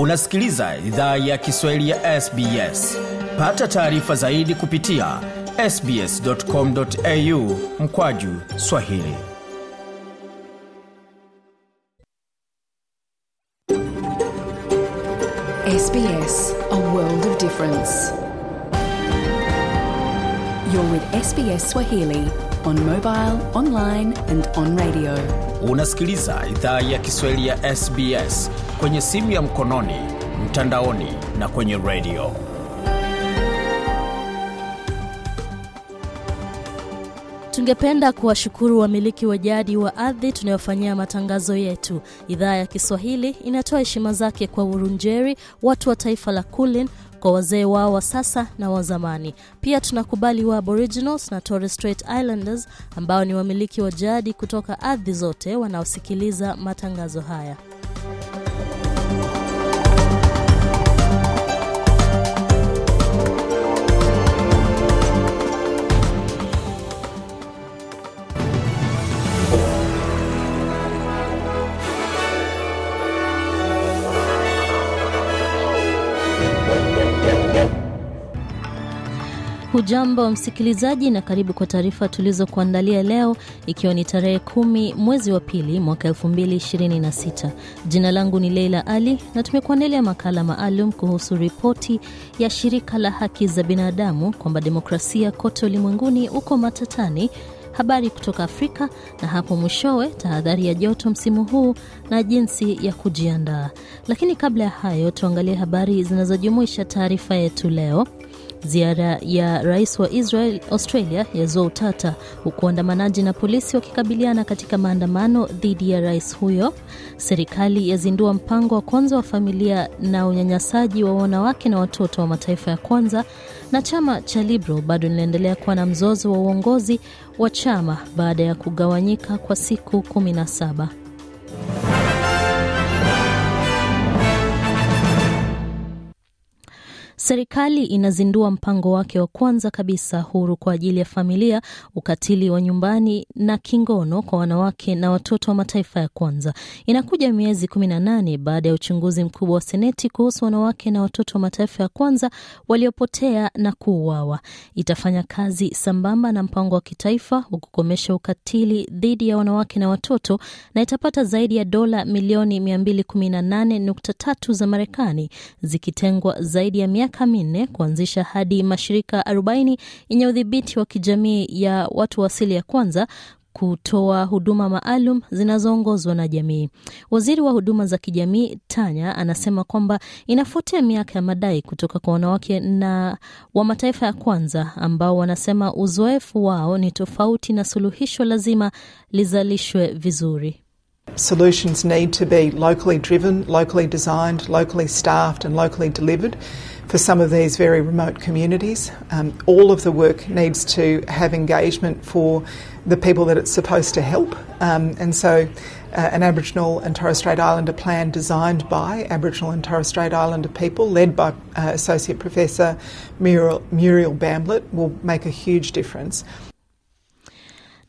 unasikiliza idhaa ya kiswahili ya sbs pata taarifa zaidi kupitia sbscomau mkwaju swahili SBS, a world of difference. You're with SBS Swahili on mobile, online and on radio. Unasikiliza idhaa ya Kiswahili ya SBS kwenye simu ya mkononi, mtandaoni na kwenye radio. Tungependa kuwashukuru wamiliki wa jadi wa ardhi tunayofanyia matangazo yetu. Idhaa ya Kiswahili inatoa heshima zake kwa Wurundjeri, watu wa taifa la Kulin kwa wazee wao wa sasa na wa zamani. Pia tunakubali wa Aboriginals na Torres Strait Islanders ambao ni wamiliki wa jadi kutoka ardhi zote wanaosikiliza matangazo haya. Hujambo msikilizaji, na karibu kwa taarifa tulizokuandalia leo, ikiwa ni tarehe kumi mwezi wa pili mwaka 226 Jina langu ni Leila Ali na tumekuandalia makala maalum kuhusu ripoti ya shirika la haki za binadamu kwamba demokrasia kote ulimwenguni uko matatani, habari kutoka Afrika na hapo mwishowe tahadhari ya joto msimu huu na jinsi ya kujiandaa. Lakini kabla ya hayo, tuangalie habari zinazojumuisha taarifa yetu leo. Ziara ya rais wa Israel Australia yazua utata, huku waandamanaji na polisi wakikabiliana katika maandamano dhidi ya rais huyo. Serikali yazindua mpango wa kwanza wa familia na unyanyasaji wa wanawake na watoto wa mataifa ya kwanza, na chama cha libro bado linaendelea kuwa na mzozo wa uongozi wa chama baada ya kugawanyika kwa siku 17. Serikali inazindua mpango wake wa kwanza kabisa huru kwa ajili ya familia, ukatili wa nyumbani na kingono kwa wanawake na watoto wa mataifa ya kwanza. Inakuja miezi kumi na nane baada ya uchunguzi mkubwa wa Seneti kuhusu wanawake na watoto wa mataifa ya kwanza waliopotea na kuuawa. Itafanya kazi sambamba na mpango wa kitaifa wa kukomesha ukatili dhidi ya wanawake na watoto na itapata zaidi ya dola milioni 218.3 za Marekani zikitengwa zaidi ya miaka miaka minne kuanzisha hadi mashirika 40 yenye udhibiti wa kijamii ya watu wa asili ya kwanza kutoa huduma maalum zinazoongozwa na jamii. Waziri wa huduma za kijamii Tanya anasema kwamba inafuatia miaka ya madai kutoka kwa wanawake na wa mataifa ya kwanza ambao wanasema uzoefu wao ni tofauti na suluhisho lazima lizalishwe vizuri. Solutions need to be locally driven, locally designed, locally staffed and locally delivered. for some of these very remote communities. Um, all of the work needs to have engagement for the people that it's supposed to help, um, and so. Uh, an Aboriginal and Torres Strait Islander plan designed by Aboriginal and Torres Strait Islander people, led by uh, Associate Professor Muriel, Muriel Bamblett, will make a huge difference.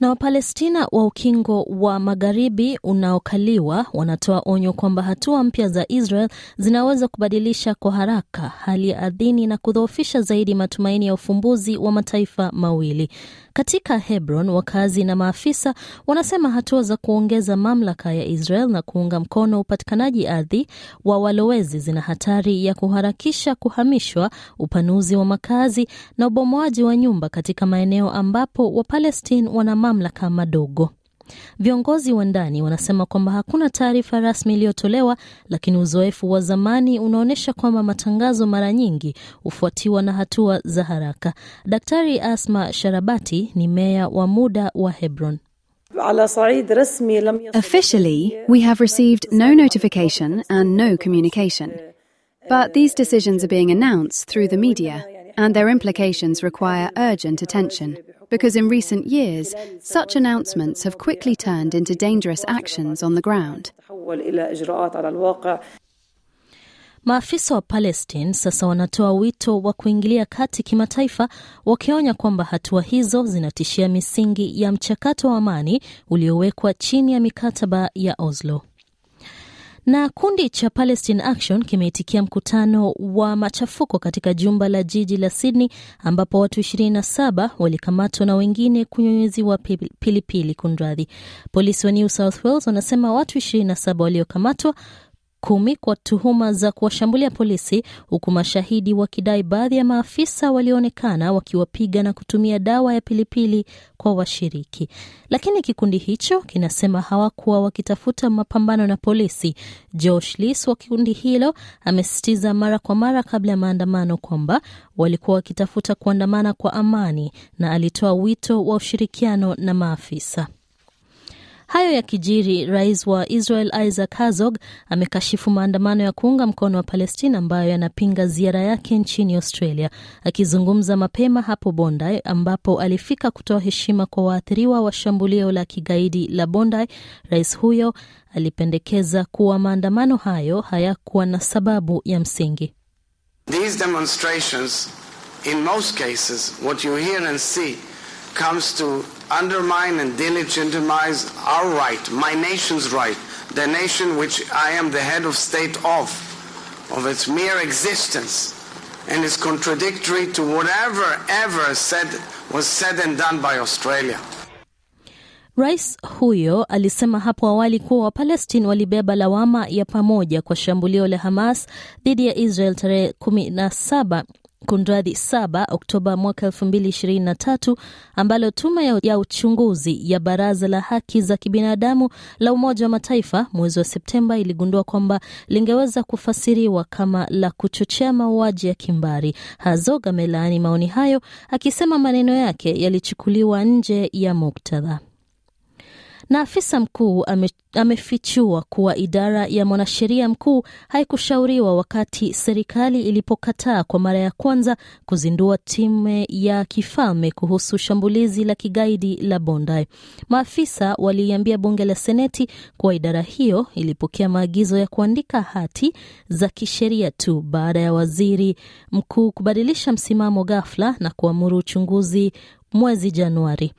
Na Wapalestina wa ukingo wa magharibi unaokaliwa wanatoa onyo kwamba hatua mpya za Israel zinaweza kubadilisha kwa haraka hali ya ardhini na kudhoofisha zaidi matumaini ya ufumbuzi wa mataifa mawili. Katika Hebron, wakazi na maafisa wanasema hatua za kuongeza mamlaka ya Israel na kuunga mkono upatikanaji ardhi wa walowezi zina hatari ya kuharakisha kuhamishwa, upanuzi wa makazi na ubomoaji wa nyumba katika maeneo ambapo wapalestin wanama mamlaka madogo. Viongozi wa ndani wanasema kwamba hakuna taarifa rasmi iliyotolewa, lakini uzoefu wa zamani unaonyesha kwamba matangazo mara nyingi hufuatiwa na hatua za haraka. Daktari Asma Sharabati ni meya wa muda wa Hebron. Officially, we have received no notification and no communication. But these decisions are being announced through the media, and their implications require urgent attention because in recent years, such announcements have quickly turned into dangerous actions on the ground. Maafisa wa Palestine sasa wanatoa wito wa kuingilia kati kimataifa, wakionya kwamba hatua hizo zinatishia misingi ya mchakato wa amani uliowekwa chini ya mikataba ya Oslo. Na kundi cha Palestine Action kimeitikia mkutano wa machafuko katika jumba la jiji la Sydney ambapo watu 27 walikamatwa na wengine kunyunyiziwa pilipili. Kunradhi, polisi wa New South Wales wanasema watu 27 waliokamatwa kumi kwa tuhuma za kuwashambulia polisi, huku mashahidi wakidai baadhi ya maafisa walioonekana wakiwapiga na kutumia dawa ya pilipili kwa washiriki. Lakini kikundi hicho kinasema hawakuwa wakitafuta mapambano na polisi. Josh Lis wa kikundi hilo amesisitiza mara kwa mara kabla ya maandamano kwamba walikuwa wakitafuta kuandamana kwa amani na alitoa wito wa ushirikiano na maafisa. Hayo ya kijiri rais wa Israel Isaac Herzog amekashifu maandamano ya kuunga mkono wa Palestina ambayo yanapinga ziara yake nchini Australia. Akizungumza mapema hapo Bondi ambapo alifika kutoa heshima kwa waathiriwa wa shambulio la kigaidi la Bondi, rais huyo alipendekeza kuwa maandamano hayo hayakuwa na sababu ya msingi. These demonstrations in most cases what you hear and see comes to undermine and delegitimize our right, my nation's right, the nation which I am the head of state of, of its mere existence, and is contradictory to whatever ever said, was said and done by Australia. Rais huyo alisema hapo awali kuwa Wapalestina walibeba lawama ya pamoja kwa shambulio la Hamas dhidi ya Israel tarehe kunradhi 7 Oktoba mwaka 2023 ambalo tume ya uchunguzi ya baraza la haki za kibinadamu la Umoja wa Mataifa mwezi wa Septemba iligundua kwamba lingeweza kufasiriwa kama la kuchochea mauaji ya kimbari. hazo amelaani maoni hayo akisema maneno yake yalichukuliwa nje ya muktadha. Na afisa mkuu ame, amefichua kuwa idara ya mwanasheria mkuu haikushauriwa wakati serikali ilipokataa kwa mara ya kwanza kuzindua time ya kifalme kuhusu shambulizi la kigaidi la Bondi. Maafisa waliiambia bunge la Seneti kuwa idara hiyo ilipokea maagizo ya kuandika hati za kisheria tu baada ya waziri mkuu kubadilisha msimamo ghafla na kuamuru uchunguzi mwezi Januari.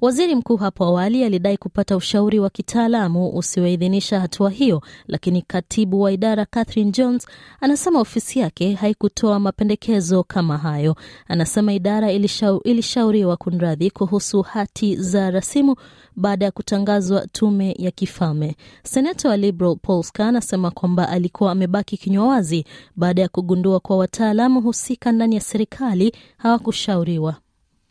Waziri mkuu hapo awali alidai kupata ushauri wa kitaalamu usioidhinisha hatua hiyo, lakini katibu wa idara Catherine Jones anasema ofisi yake haikutoa mapendekezo kama hayo. Anasema idara ilishau, ilishauriwa kunradhi kuhusu hati za rasimu baada ya kutangazwa tume ya kifalme. Seneta wa Liberal Paul anasema kwamba alikuwa amebaki kinywa wazi baada ya kugundua kwa wataalamu husika ndani ya serikali hawakushauriwa.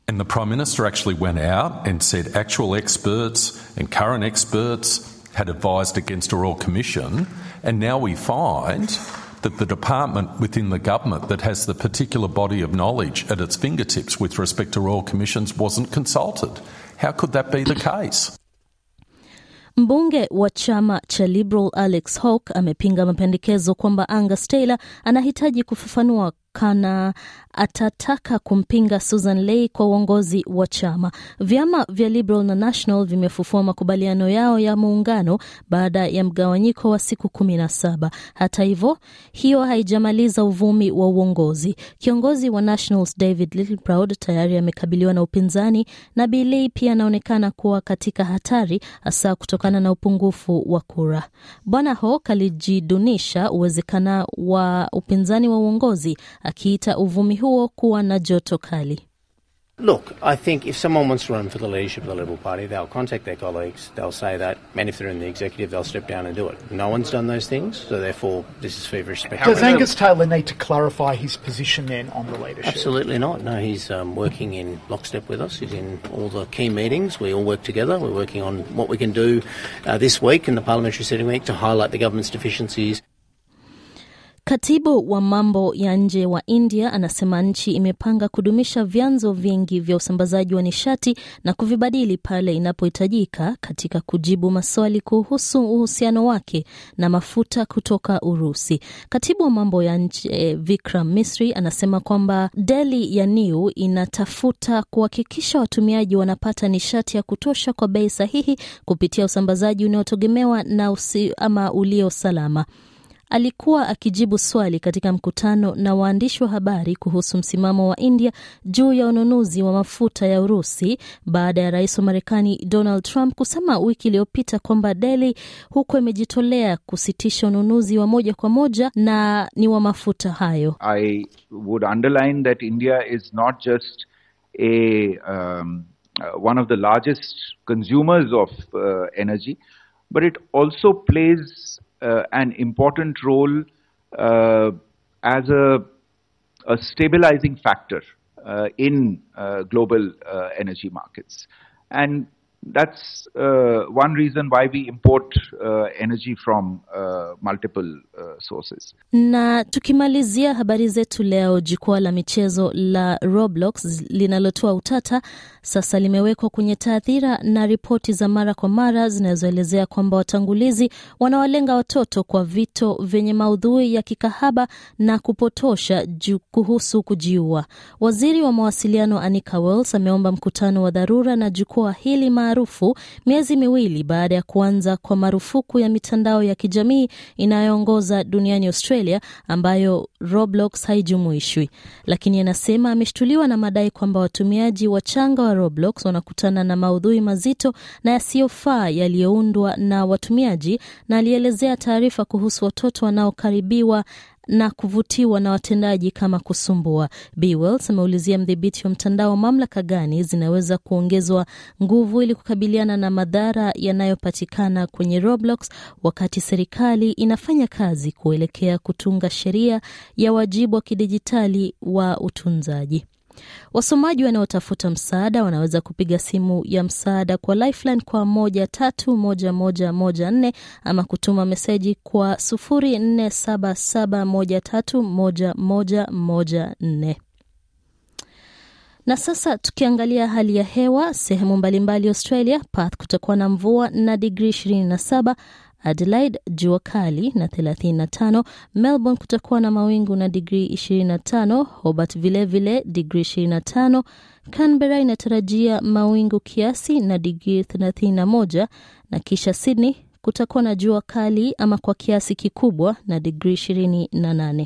And the Prime Minister actually went out and said actual experts and current experts had advised against a Royal Commission. And now we find that the department within the government that has the particular body of knowledge at its fingertips with respect to Royal Commissions wasn't consulted. How could that be the case? Mbunge wa chama cha Liberal Alex Hawke amepinga mapendekezo kwamba Angus Taylor anahitaji kufafanua Kana atataka kumpinga Susan Ley kwa uongozi wa chama. Vyama vya Liberal na National vimefufua makubaliano yao ya muungano baada ya mgawanyiko wa siku kumi na saba. Hata hivyo, hiyo haijamaliza uvumi wa uongozi. Kiongozi wa Nationals David Littleproud tayari amekabiliwa na upinzani na Bilei pia anaonekana kuwa katika hatari, hasa kutokana na upungufu wa kura. Bwana Hawke alijidunisha uwezekana wa upinzani wa uongozi akiita uvumi huo kuwa na joto kali. Look, I think if someone wants to run for the leadership of the Liberal Party, they'll contact their colleagues, they'll say that, and if they're in the executive, they'll step down and do it. No one's done those things, so therefore this is feverish speculation. Does Angus Taylor need to clarify his position then on the leadership? Absolutely not. No, he's um, working in lockstep with us. He's in all the key meetings. We all work together. We're working on what we can do uh, this week in the parliamentary sitting week to highlight the government's deficiencies Katibu wa mambo ya nje wa India anasema nchi imepanga kudumisha vyanzo vingi vya usambazaji wa nishati na kuvibadili pale inapohitajika katika kujibu maswali kuhusu uhusiano wake na mafuta kutoka Urusi. Katibu wa mambo ya nje eh, Vikram Misri anasema kwamba Delhi ya New inatafuta kuhakikisha watumiaji wanapata nishati ya kutosha kwa bei sahihi kupitia usambazaji unaotegemewa na usi ama ulio salama alikuwa akijibu swali katika mkutano na waandishi wa habari kuhusu msimamo wa India juu ya ununuzi wa mafuta ya Urusi baada ya rais wa Marekani Donald Trump kusema wiki iliyopita kwamba Delhi huko imejitolea kusitisha ununuzi wa moja kwa moja na ni wa mafuta hayo. I would underline that India is not just a um, uh, one of the largest consumers of uh, energy but it also plays Uh, an important role uh, as a, a, stabilizing factor uh, in global energy markets. And that's uh, one reason why we import uh, energy from uh, multiple sources. Na tukimalizia habari zetu leo, jukwaa la michezo la Roblox linalotoa utata sasa limewekwa kwenye taathira na ripoti za mara kwa mara zinazoelezea kwamba watangulizi wanawalenga watoto kwa vito vyenye maudhui ya kikahaba na kupotosha kuhusu kujiua. Waziri wa mawasiliano Anika Wells ameomba mkutano wa dharura na jukwaa hili maalum maarufu, miezi miwili baada ya kuanza kwa marufuku ya mitandao ya kijamii inayoongoza duniani Australia, ambayo Roblox haijumuishwi. Lakini anasema ameshtuliwa na madai kwamba watumiaji wachanga wa Roblox wanakutana na maudhui mazito na yasiyofaa yaliyoundwa na watumiaji, na alielezea taarifa kuhusu watoto wanaokaribiwa na kuvutiwa na watendaji kama kusumbua. Bi Wells ameulizia mdhibiti wa mtandao mamlaka gani zinaweza kuongezwa nguvu ili kukabiliana na madhara yanayopatikana kwenye Roblox wakati serikali inafanya kazi kuelekea kutunga sheria ya wajibu wa kidijitali wa utunzaji. Wasomaji wanaotafuta msaada wanaweza kupiga simu ya msaada kwa Lifeline kwa moja tatu moja moja moja nne ama kutuma meseji kwa sufuri nne saba saba moja tatu moja moja moja nne. Na sasa tukiangalia hali ya hewa sehemu mbalimbali Australia, Perth kutakuwa na mvua na digrii saba Adelaide jua kali na 35, Melbourne kutakuwa na mawingu na digrii 25, Hobart vilevile digrii 25, Canberra inatarajia mawingu kiasi na digrii 31, na kisha Sydney kutakuwa na jua kali ama kwa kiasi kikubwa na digrii 28.